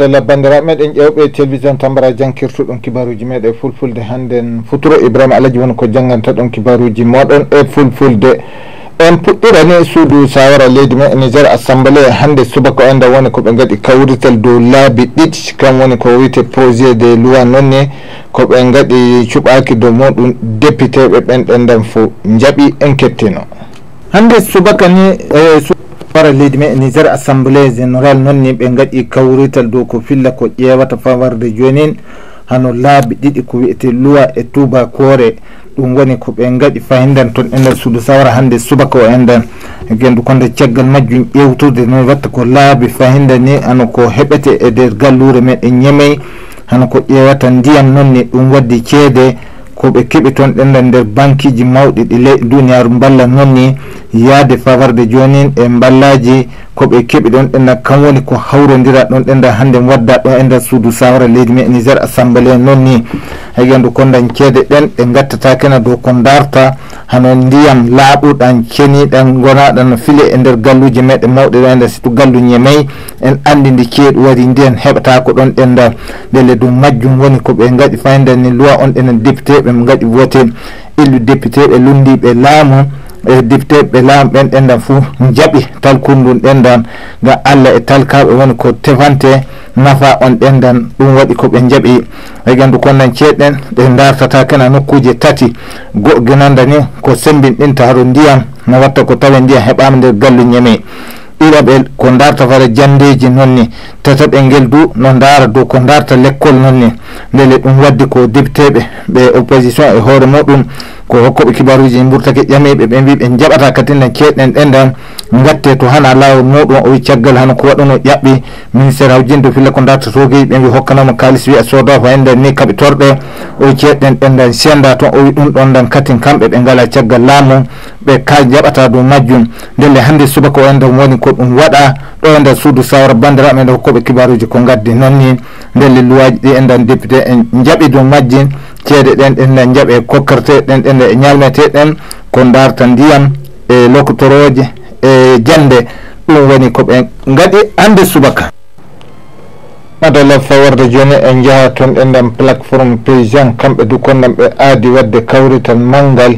adallah bandiraɓe meɗen ƴewɓe télévision tambara jankirtuɗum kibaruji meɗe e fulfulde hannden futuro ibrahima alaji woni ko janganta ɗum kibaruji moɗon e fulfulde en puɗɗirani suudu sawara leydi me e niger assemblé hannde subaka enda woni koɓe gaɗi kawritel dow laabi ɗiɗi kam woni ko wiyte projet de loi nonne koɓe gaɗi cuɓaki dow muɗum députéɓe ɓenɗen nden fo jaaɓi en kettino hannde subaka ni e eh, fara leydi me e niger assemblée général noonni ɓe gaɗi kawrital dow ko filla ko ƴeewata fawarde joonin hano laabi ɗiɗi ko wiyete luwa e touba koore ɗum woni ko ɓe gaɗi fayinden toon e nder suudu sawara hannde subaka o enden gendu konde caggal majjum ƴewtude noon watta ko laabi fayinde ni hano ko heɓete e nder gallure meɗen e ñemey hano ko ƴeewata ndiyam noonni ɗum waddi ceede ko ɓe keɓi toon ɗenɗan nder banqueji mawɗi ɗi duniyaru mballa noon ni yaade fawarde jooni e mballaji ko ɓe keɓi ɗon ɗenna kan woni ko hawrodira ɗon ɗenna hannde wadda ɗo e nder suudu sawara leydi me niger assemblé noon ni hayganndu kondañ ceede ɗen ɗe gattata kena dow ko darta hano ndiyam laaɓuɗan ceniɗan gonaɗan file e nder galluji meɗe mawɗe ɗo e nder sutu gallu ñemayi en anndi ndi ceeɗu wari ndiyan heɓata ko ɗon ɗenna ndele dow majjum woni ko ɓe gaɗi fayndani loi on ɗenen député ɓe gaɗi voté illu député ɓe lundiɓe laamu difte ɓe laam ɓen ɗenɗan fuu jaɓi talkundun ɗenɗan ga allah e talkaɓe woni ko tefante nafa on ɗenɗan ɗum waɗi ko ɓe jaɓi e gandu konnan ceeɗen ɗe dartata kena nokkuje tati goginanda ni ko sembinɗinta haɗo ndiyam no watta ko tawe ndiyam heɓama nder galluñemi ɗiɗa ɓe ko darta fara jandeji noon ni tataɓe ngel du no dara dow ko darta l'école noon ni ndele ɗum waddi ko députéɓe ɓe opposition e hoore muɗum ko hokkoɓe kibaruji en ɓurtake ƴameɓe ɓen wi ɓe jaɓata kadi nden keɗɗen ɗenɗen gatte to hana lawol muɗum o wi caggal han ko waɗuno ƴaɓɓi ministére hawjinde filla ko darta togeji ɓen wi hokkanama kalis wiya soda fayenden ni kaɓe torɓe o wi ceɗɗen ɗenɗen senda toon o wi ɗum ɗon nden kadi kamɓe ɓe gala caggal laamu ɓe ka jaɓata dow majjum ndelle hande subaka o enden woni ko ɗum waɗa ɗo e nder suudu sawara bandiraɓe nde hokkoɓe kibaruji ko gaddi noon ni ndelle luwaji ɗi enden député en jaɓi dow majji ceede ɗen ɗen ne jaɓe kokkerte ɗen ɗen e ñalmete ɗen ko darta ndiyam e locotoroje e jande ɗum woni ko ɓe gaɗi hande subaka madalla fawarde joni en jaha toon ɗen ɗen plateforme paysan kamɓe du konɗen ɓe aadi wadde kawrital manngal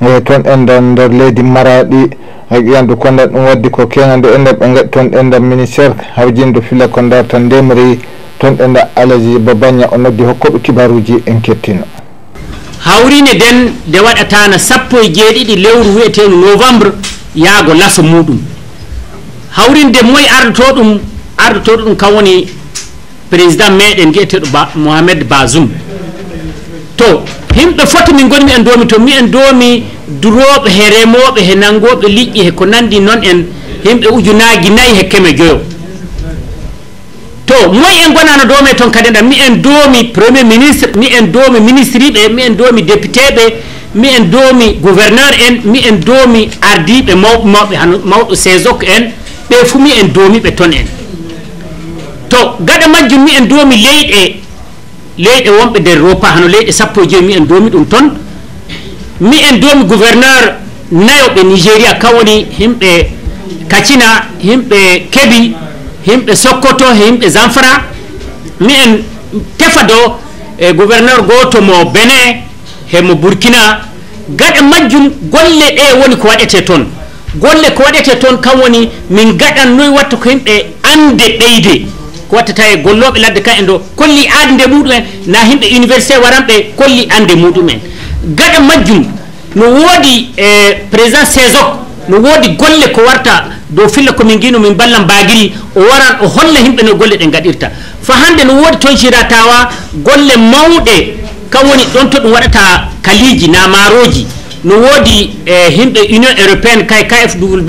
e toon en ɗen nder leydi maraɗi eƴiyandu konɗen ɗum waddi ko kewnande enɗen ɓe gaɗi toon ɗen ɗen ministére hawjindu fila ko darta ndemri toon ɗe nda alaji bo bagna o noddi hokkoɓe kibaruji en kettino hawrine nden nde waɗatana sappo e jeeɗiɗi lewru wiyetedu novembre yaago laso muɗum hawrinde moye ardoto ɗum ardotoɗo ɗum kam woni président meɗen guiyeteɗo mohamed basum to himɓe foto min gonimi en domi to mi en domi durooɓe he remoɓe he nangoɓe liƴƴi he ko nandi noon en himɓe ujunaji nayyi he keme joyo to moy en gonano doome toon kadi enɗa mi en doomi premier ministre mi en doomi ministreɓe mi en doomi député ɓe mi en doomi gouverneur en mi en doomi ardiɓe mawɓe mawɓe han mawɗo sesok en ɓe fuu mi en doomiɓe toon en to gaɗa majjum mi en doomi leyɗe leyɗe wonɓe nder ropa hano leyɗe sappo e joyi mi en doomi ɗum toon mi en doomi gouverneur nayoɓe nigéria kawoni himɓe kacina himɓe keeɓi himɓe sokkoto himɓe zanfara mi en tefado e gouverneur goto mo benin hemo burkina gaɗa majjum golle ɗe woni ko waɗete toon golle ko waɗete toon kam woni min gaɗan noy watta ko himɓe ande ɓeyde ko wattata e golloɓe ladde ka en ɗo kolli ande muɗumen na himɓe université waranɓe kolli ande muɗumen gaɗa majjum no woodi e eh, président sésoc no woodi golle ko warta dow filla komin gino min ballam baguil o waran o holla himɓe no golle ɗe gaɗirta fa hande no wodi ton gira tawa golle mawɗe kam woni ɗon to ɗum waɗata kaliji na maroji no woodi e eh, himɓe union européenne kay kfw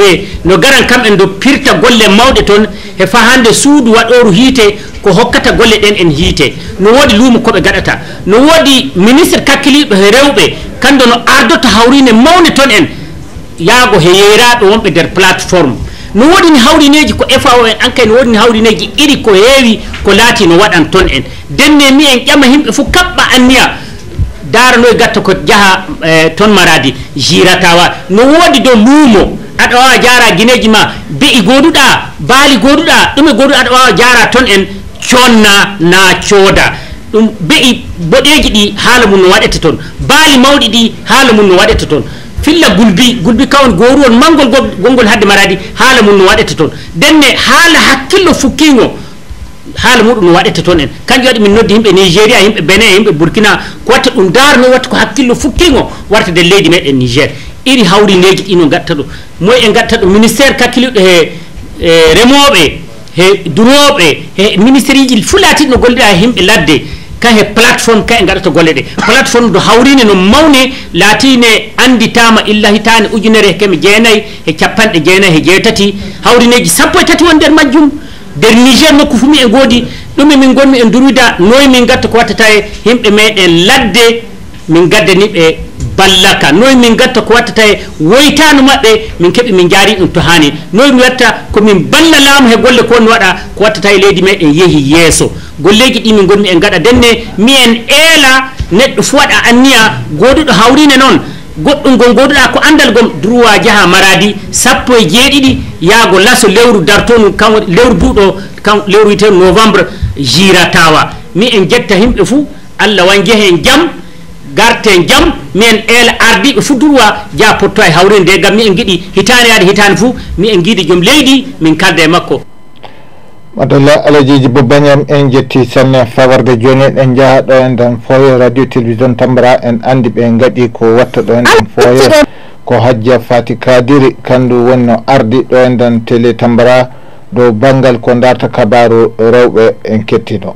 no garan kamɓen do pirta golle mawɗe toon e fa hande suudu waɗoru hiite ko hokkata golle ɗen en hiite no woodi luumo koɓe gaɗata no woodi ministre kakkiliɗo he rewɓe kamdo no ardoto hawrine mawne toon en yaago he yeyraɓe wonɓe nder plateforme no woɗi ni hawrineji ko fao en enquête no woɗi ni hawrineji iri ko heewi ko laati no waɗan toon en denne mi en ƴama himɓe fof kaɓɓa anniya darano e gatta ko jaaha e, toon maradi jiratawa no woodi do luumo aɗa wawa jara guineji ma be'i goduɗa baali goduɗa ɗume goduɗa aɗa wawa jara toon en conna na cooda ɗum be'i boɗeji ɗi haala mum no waɗete toon baali mawɗi ɗi haala mum no waɗete toon filla gulbi gulbi kawon goru on manggol gonngol hadde maradi haala mum no waɗete toon denne haala hakkillo fukkiigo haala muɗum no waɗete toon en kanjum waɗi min noddi yimɓe nigéria yimɓe bénin yimɓe burkina kowatta ɗum darno watta ko hakkillo fukkiigo warta de leydi meɗen niger iri hawri ndeji ɗino gatta ɗo moy en gatta ɗo ministére kakkiliɗo he e remoɓe he durooɓe he ministére ji fulatiɗno golliɗa yimɓe ladde kahe plateforme ka e ngaɗa to golle ɗe plateforme ndu hawrini no mawni laatine andi tama illa hitane ujunere kemi jeenayyi e capanɗe jeenayyi e jeetati hawrineji sappo e tati won nder majjum nder niger nokku fumi e goodi ɗumi min gonmi e durwida noyi min gatta ko wattata e himɓe meɗen ladde min gaddani ɓe ballaka noyi min gatta ko wattata e woytanu maɓɓe min keeɓi min jaari ɗum to hani noyi mi watta komin balla laamu he golle ko on waɗa ko wattata e leydi meɗen yeehi yeeso golleji ɗi min gonmi en gaɗa denne mi en eela neɗɗo fo waɗa anniya goduɗo hawrine noon goɗɗum gon goduɗa ko andal gom droit jaaha maradi sappo e jeeɗiɗi yaago laso lewru dartonu kan lewru buɗo kan lewru witeu novembre jiratawa mi en jetta himɓe fo allah wan jehe en jaam garten jam min ele ardi ɓe fu dourwa japotto e hawrin de gam miɗen giɗi hitani ade hitani fo mi en giidi joom leydi min kalde e makko matalla alajiji bo bañam en jetti sanne fawarde joni eɗen jaaha ɗo en tan foyo radio télévision tambra en andi ɓe gaɗi ko watta ɗo en tan foyo ko hajja fati kadiri kandu wonno ardi ɗo en tan télé tambra dow banggal ko darta kabaru rewɓe en kettino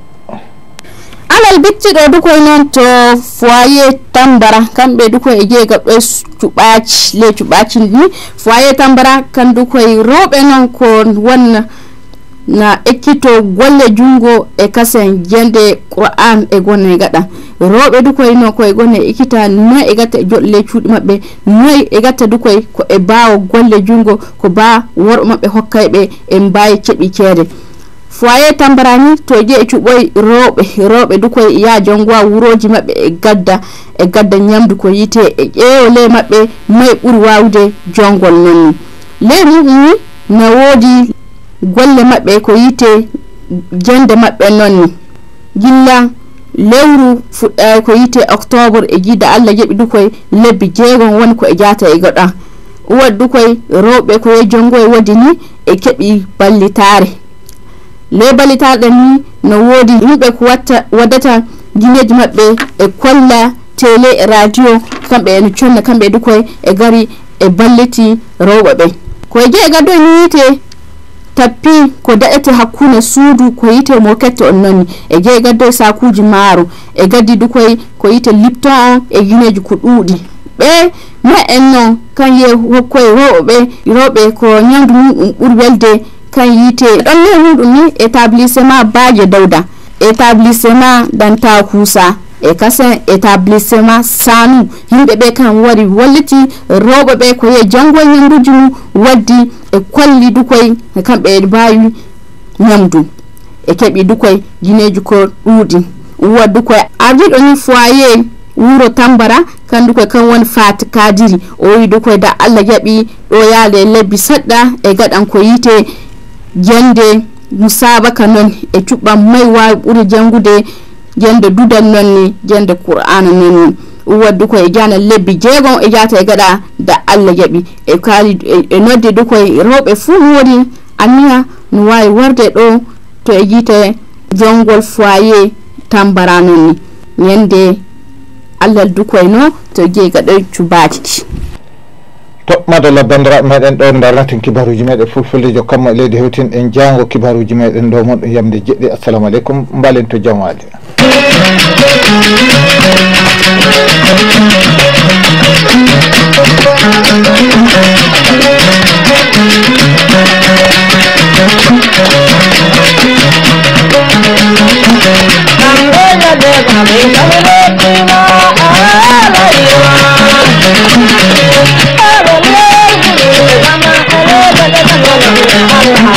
alal becce ɗo dukoy noon to foyer tambara kamɓe dukoy e jeegaɓɓe cuɓaci le cuɓaci ɗi foyer tambara kan dukoy rewɓe noon ko wonna na ekkito golle junngo e kasen jende qur'an e gonne gaɗa rewɓe dukoy noon koye gonne ekkita noy e gatta e joɗɗele cuuɗi maɓɓe noy e gatta dukoy ko e baawo golle junngo ko baa worɓe maɓɓe hokkayɓe e mbaawi ceɓi ceede foyer tambara ni to ƴe cuɓoy rewɓe rewɓe du koye ya jongowa wuroji maɓɓe e gadda e gadda ñamdu ko yite e ƴeewole maɓɓe may ɓuri wawde jongol nonni ley muɗum ni ne woodi golle maɓɓe ko yite jende maɓɓe nonni gilla lewru fuɗɗay e ko yite octobre e jiida allah yeɓi du koye lebbi jeegon woni koye jaata e, e goɗa waɗi du koye rewɓe koye jongo e wadi ni e keɓi ballitare le balitaɗe ni no woodi yimɓe ko watta waddata guineji maɓɓe e kolla télé e radio kamɓe eno conna kamɓe dukoye e gari e balliti rewɓe ɓe koye jee gaddo e yiite tappi ko daƴete hakkunde suudu ko yite mo kette on noonni e jee gaddo e sakuji maaro e gaddi dukoye ko yite lipton on e guineji ko ɗuuɗi ɓe ma en noon kañye hokkoye rewɓe ɓe rewɓe ko ñamdu muɗum ɓuri welde kan yite ɗon ley muɗum ni établissement baje dawda établissement danta kuusa e kasen établissement sanu yimɓeɓe kan wari walliti rewɓe ɓe ko yehi janngo ñamduji mum waddi e kolli dukoy e kamɓe e mbawi ñamdu e keeɓi dukoy guineji ko ɗuuɗi wuwa dukoy ardiɗo ni foyer wuro tambara kandu koye kan woni fati kadiri o wi dukoy da allah yaaɓi ɗo yaade lebbi seɗɗa e gaɗan ko yite yande baka non e cuɓɓam may wa ɓuri jangude yande dudal non ni yande qur'ana non ɗum waddu koye jana lebbi jeegon e jata e gaɗa da allah jaɓi e kali e nodde du koye rewɓe fuu woodi aniya no wawi warde ɗo to e jiite jongol foyer tambara non ni yande allah du koye no to jeeyi gaɗo cubaji toɓɓadala bandiraɓe meɗen ɗo darlaten kibaruji meɗen fulfulde jo kamma e leydi hewtin en jango kibaruji meɗen ɗo mon ɗum yamde jeɗɗi assalamu aleykum mbalen to jaam waali Thank you. Hare